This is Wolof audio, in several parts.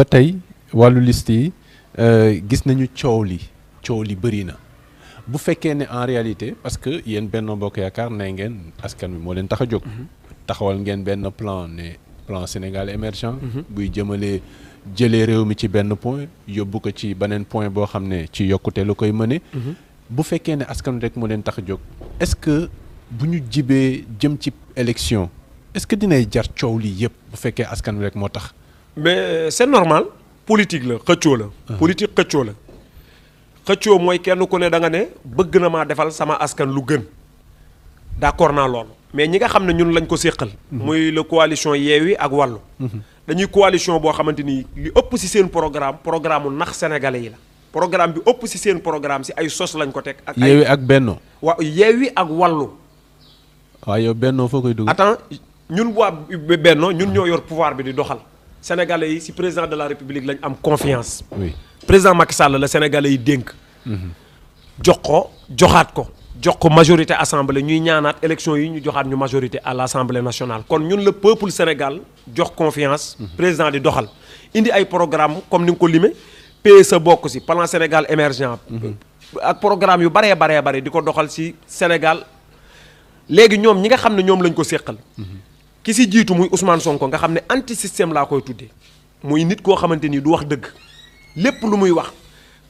ba tey wàllu list yi euh, gis nañu coow li coow li bëri na bu fekkee ne en réalité parce que yéen Benno Bokk Yaakaar ne ngeen askan wi moo leen tax a jóg mhm. taxawal ngeen benn plan ne plan Sénégal émergent mhm. buy jëmalee jëlee réew mi ci benn point yóbbu ko ci beneen point boo xam ne ci yokkute lu koy mëne mhm. bu fekkee ne askan rek moo leen tax a jóg est-ce que bu ñu jibee jëm ci élection est-ce que dinay jar coow lii yëpp bu fekkee askan wi rek moo tax mais euh, c'est normal politique la xëccoo la. Ah. politique xëccoo la. xëccoo mooy kenn ku ne da nga ne bëgg na maa defal sama askan lu gën d'accord naa loolu mais ñi nga xam ne ñun lañ ko séqal. Mhm. muy la coalition Yewwi ak Wallu. Mhm. dañuy coalition boo xamante ni li ëpp si seen programme programme mu nax sénégalais yi la. programme bi ëpp si seen programme si ay sos lañ ko teg. ak ay Yewwi ak Benno. waaw yi ak Wallu. waa yow Benno foo koy dugg. attends ñun waa Benno ñun ñoo yor pouvoir bi di doxal. sénégalais yi si président de la république lañ am confiance. oui président Macky Sall la sénégalais yi dénk. Mhm. jox ko joxaat ko. jox ko majorité assemblée ñuy ñaanaat élection yi ñu joxaat ñu majorité à l' assemblée nationale kon ñun la peuple Sénégal jox confiance. Mhm. président di doxal indi ay programme comme ni nga ko limee sa bokk si plan Sénégal émergent. Mhm. ak programme yu baree baree bare di ko doxal si Sénégal léegi ñoom ñi nga xam ne ñoom lañ ko séqal. ki si jiitu muy Ousmane Sonko nga xam ne anti système laa koy tuddee muy nit koo xamante ni du wax dëgg lépp lu muy wax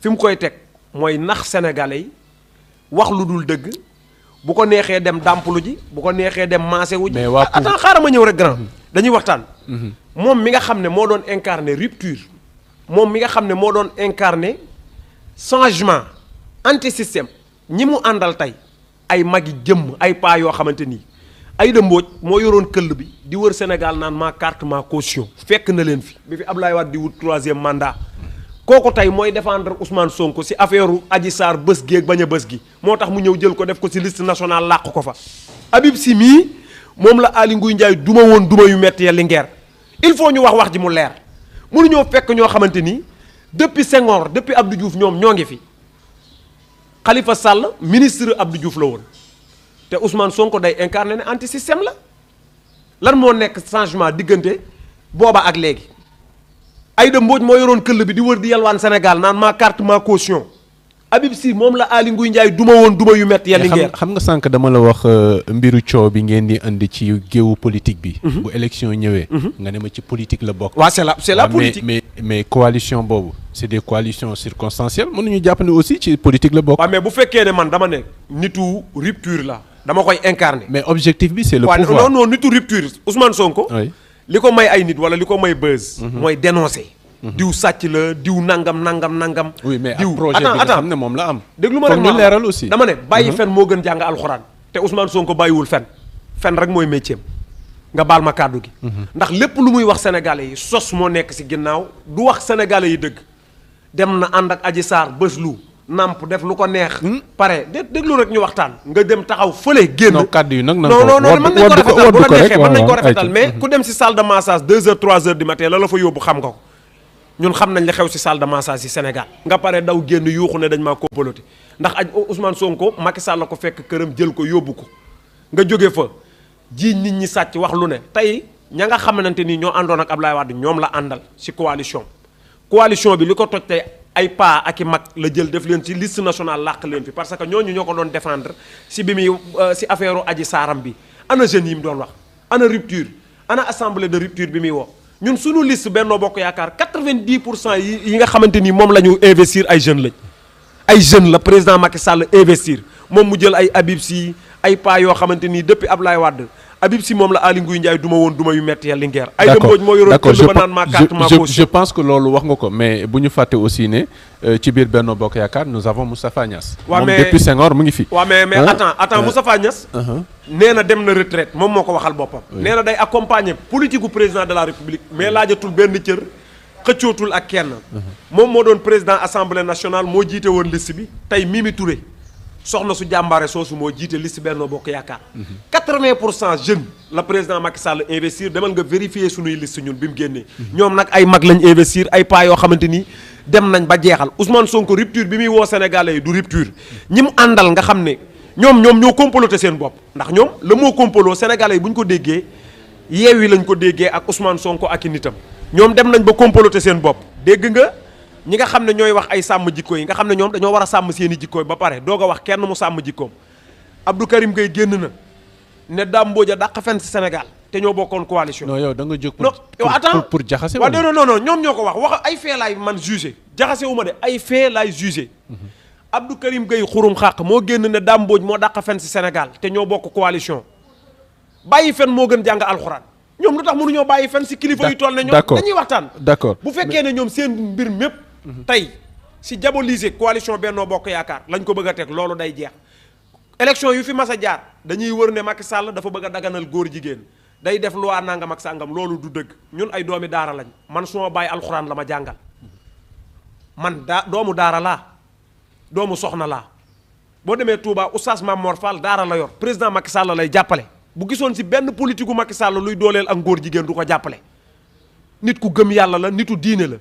fi mu koy teg mooy nax sénégalais yi wax lu dul dëgg bu ko neexee dem dàmpalu ji bu ko neexee dem maase wu ji. mais waa xaaral ma ñëw rek grand. dañuy waxtaan. Mhm. moom mi nga xam ne moo doon incarné rupture. moom mi nga xam ne moo doon incarné changement anti système ñi mu àndal tey ay magi jëmm ay paa yoo xamante ni. Aïda Mbodj moo yoroon këll bi di wër Sénégal naan maa carte ma caution fekk na leen fi bi fi Abdoulaye Wade di wut troisième mandat kooku tey mooy défendre Ousmane Sonko si affaire aji Sarr bës gi ak a bës gi moo tax mu ñëw jël ko def ko ci list nationale làq ko fa. Habib Sy mii moom la Aly Ngouille Ndiaye duma woon duma yu métti ya Linguère il faut ñu wax wax ji mu leer ñëw fekk ñoo xamante ni depuis Senghor depuis Abdou Diouf ñoom ñoo ngi fi Khalifa Sall ministre Abdou Diouf la woon. te Ousmane Sonko day incarné ne anti système la lan moo nekk changement diggante booba ak léegi ay da Mbodj moo yoroon këll bi di wër di yalwaan Sénégal naan ma carte ma caution Habib Sy moom la Aly Ngouille Ndiaye duma woon duma yu metti yàlla ngeen xam nga sànq dama la wax euh, mbiru coow bi ngeen di indi ci géewu politique bi. Mhm. bu élection ñëwee. Mhm. nga ne ma ci politique la bokk. waaw c'est la c'est la politique mais mais coalition boobu c'est des coalitions circonstancielles mënuñu jàpp ne aussi ci politique la bokk. waaw bu fekkee ne man dama ne. nitu rupture la. dama koy incarner. mais objectif bi c'est le pouvoir non non nitu rupture Ousmane Sonko. li ko may ay nit wala li ko may buzz. Mhm. mooy dénoncer. Mhm. diw sàcc la diw nangam nangam nangam. oui mais ak projet bi nga moom la am. déglu ma rek ma leeral aussi dama ne bàyyi mhm. fen moo gën jàng alxuraan. te Ousmane Sonko bàyyiwul fen fen rek mooy métier nga baal ma kàddu gi. ndax lépp lu muy wax sénégalais yi sos moo nekk si ginnaaw du wax sénégalais yi dëgg dem na ànd ak Adji Sarr lu namp def lu ko neex. Hmm? pare dé déglu rek ñu waxtaan. nga dem taxaw fële génn. non kàddu yi nag nañ ko non non mën nañ ko rafetal bu la neexee mën nañ ko rafetal mais ku dem si salle de massage 2 heures 3 heures du matin la fa yóbbu xam nga ko. ñun xam nañ li xew si salda de massage yi Sénégal. nga pare daw génn yuuxu ne dañ maa compaloté ndax aj Ousmane Sonko Macky Sall la ko fekk këram jël ko yóbbu ko nga jóge fa ji nit ñi sàcc wax lu ne tey ña nga xamante ni ñoo àndoon ak Abdoulaye Wade ñoom la àndal si coalition coalition bi li ko toj tey ay paa ak i mag la jël def leen ci list national làq leen fi parce que ñooñu ñoo ko doon défendre si bi muy euh, si affaire aji saaram bi ana jeunes yi mu doon wax ana rupture ana assemblée de rupture bi muy wax ñun suñu list Benno Bokk Yaakaar vingt 90 pour cent yi yi nga xamante ni moom la ñu investir ay jeunes lañ ay jeunes la président Macky Sall investir moom mu jël ay Habib si ay paa yoo xamante ni depuis lay Wade Habib Sy moom la Aly Ngouille Ndiaye duma woon duma yu metti ya Linguère Aïda Mbodj moo yoroon këll ba naan ma carte ma poche je pense ko mais bu ñu fàtte aussi ne euh, ci biir Benno Bokk Yaakaar nous avons Moustapha Niass waaw mais moom depuis Senghor mu ngi fi waaw mais mais attends attends euh, Moustapha Niass uh-huh. nee na dem na retraite moom moo ko waxal boppam nee na day accompagner politique gu président de la République mais laajatul benn cër xëccootul ak kenn uh-huh. moom moo doon président assemblée nationale moo jiite woon liste bi tey Mimi ture soxna su jàmbaare soosu moo jiite liste Benno Bokk Yaakaar. 80 pour cent jeunes la président Macky Sall investir demal nga vérifier sunuy liste ñun bi mu génnee. ñoom nag ay mag lañ investir ay paa yoo xamante ni dem nañ ba jeexal Ousmane Sonko rupture bi muy woo Sénégalais yi du rupture ñi mu àndal nga xam ne ñoom ñoom ñoo comploté seen bopp ndax ñoom la moo complot Sénégalais bu ñu ko déggee yi lañ ko déggee ak Ousmane Sonko ak i nitam ñoom dem nañ ba comploté seen bopp dégg nga. ñi nga xam ne ñooy wax ay sàmm jikko yi nga xam ne ñoom dañoo war a sàmm seen i ba pare doo a wax kenn mu sàmm jikkoom Abdou Karim Gueye génn na ne Dame Mbodj a dàq fen si senegal te ñoo bokkoon coalition. non yow da nga jóg pour pour pour jaxase wu. non non non ñoom ñoo ko wax wax ay fee man jugé jaxase wu ma de ay fee laay jugé. Mhm. Abdou Karim Gueye xàq moo génn ne Dame Mbodj moo dàq fen si Sénégal te ñoo bokk coalition bàyyi fen moo gën jàng alxuraan. ñoom lu tax mënuñoo bàyyi fen si kilifa yu toll ne ñoom dañuy waxtaan d'accord bu fekkee ne ñoom seen mbir mépp Mm-hmm. tey si diaboliser coalition Benno Bokk Yaakaar lañ ko bëgg a teg loolu day jeex. élection yu fi mas a jaar dañuy wër ne Macky Sall dafa bëgg a daganal góor jigéen day def loi nangam ak sàngam loolu du dëgg ñun ay doomi daara lañ man su bàyyi alxuraan la ma jàngal man daa doomu daara laa doomu soxna laa. boo demee Touba oustaz Mamor Fall daara la yor président Macky Sall lay jàppale bu gisoon si benn politique gu Macky Sall luy dooleel ak góor jigéen du ko jàppale. nit ku gëm yàlla la nitu diine la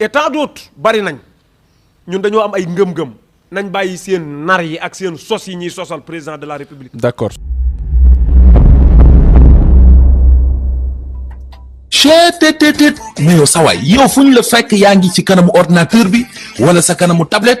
et hmm? tant bari nañ ñun dañoo am ay ngëm-ngëm nañ bàyyi seen nar yi ak seen sos yi ñuy sosal président de la république d'accord chetttt mais yow sawaay yow fu ñu la fekk yaa ngi ci kanamu ordinateur bi wala sa kanamu tablet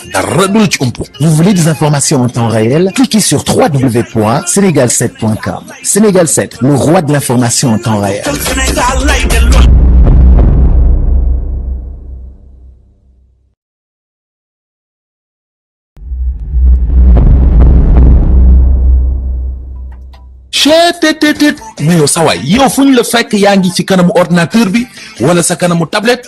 dara du la ci umpu. Vous voulez des informations en temps réel? Cliquez sur www.senegal7.com. Sénégal 7, le roi de l'information en temps réel. cheetetetet mais yow sawaay yow fu ñu la fekk yaa ngi ci kanamu ordinateur bi wala sa kanamu tablette